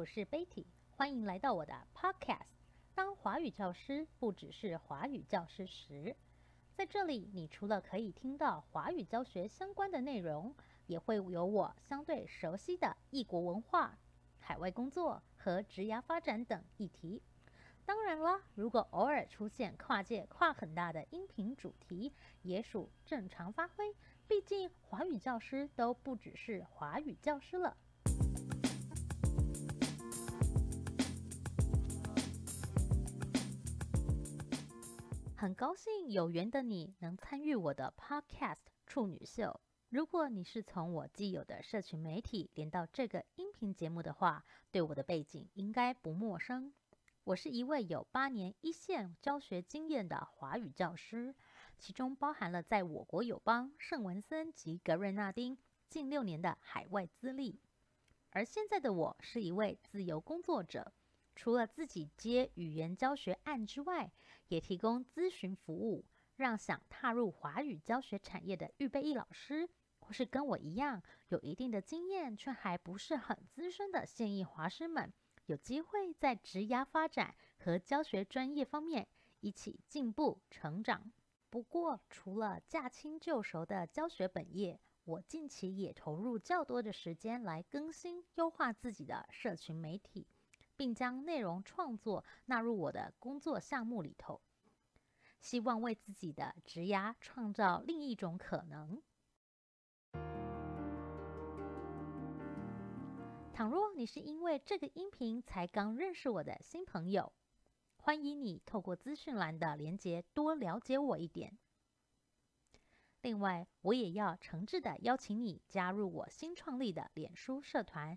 我是 Betty，歡迎來到我的 Podcast。當華語教師不只是華語教師時，在這裡，你除了可以聽到華語教學相關的內容，也會有我相對熟悉的異國文化、海外工作和職涯發展等議題。當然了，如果偶爾出現跨界跨很大的音頻主題，也屬正常發揮。畢竟，華語教師都不只是華語教師了。很高興有緣的你能參與我的 Podcast 處女秀。如果你是從我既有的社群媒體連到這個音頻節目的話，對我的背景應該不陌生。我是一位有八年一線教學經驗的華語教師，其中包含了在我國友邦、聖文森及格瑞那丁近六年的海外資歷，而現在的我是一位自由工作者。除了自己接語言教學案之外，也提供諮詢服務，讓想踏入華語教學產業的預備役老師，或是跟我一樣有一定的經驗卻還不是很資深的現役華師們，有機會在職涯發展和教學專業方面一起進步成長。不過，除了駕輕就熟的教學本業，我近期也投入較多的時間來更新優化自己的社群媒體。並將內容創作納入我的工作項目裡頭，希望為自己的職涯創造另一種可能。倘若你是因為這個音頻才剛認識我的新朋友，歡迎你透過資訊欄的連結多了解我一點。另外，我也要誠摯地邀請你加入我新創立的臉書社團。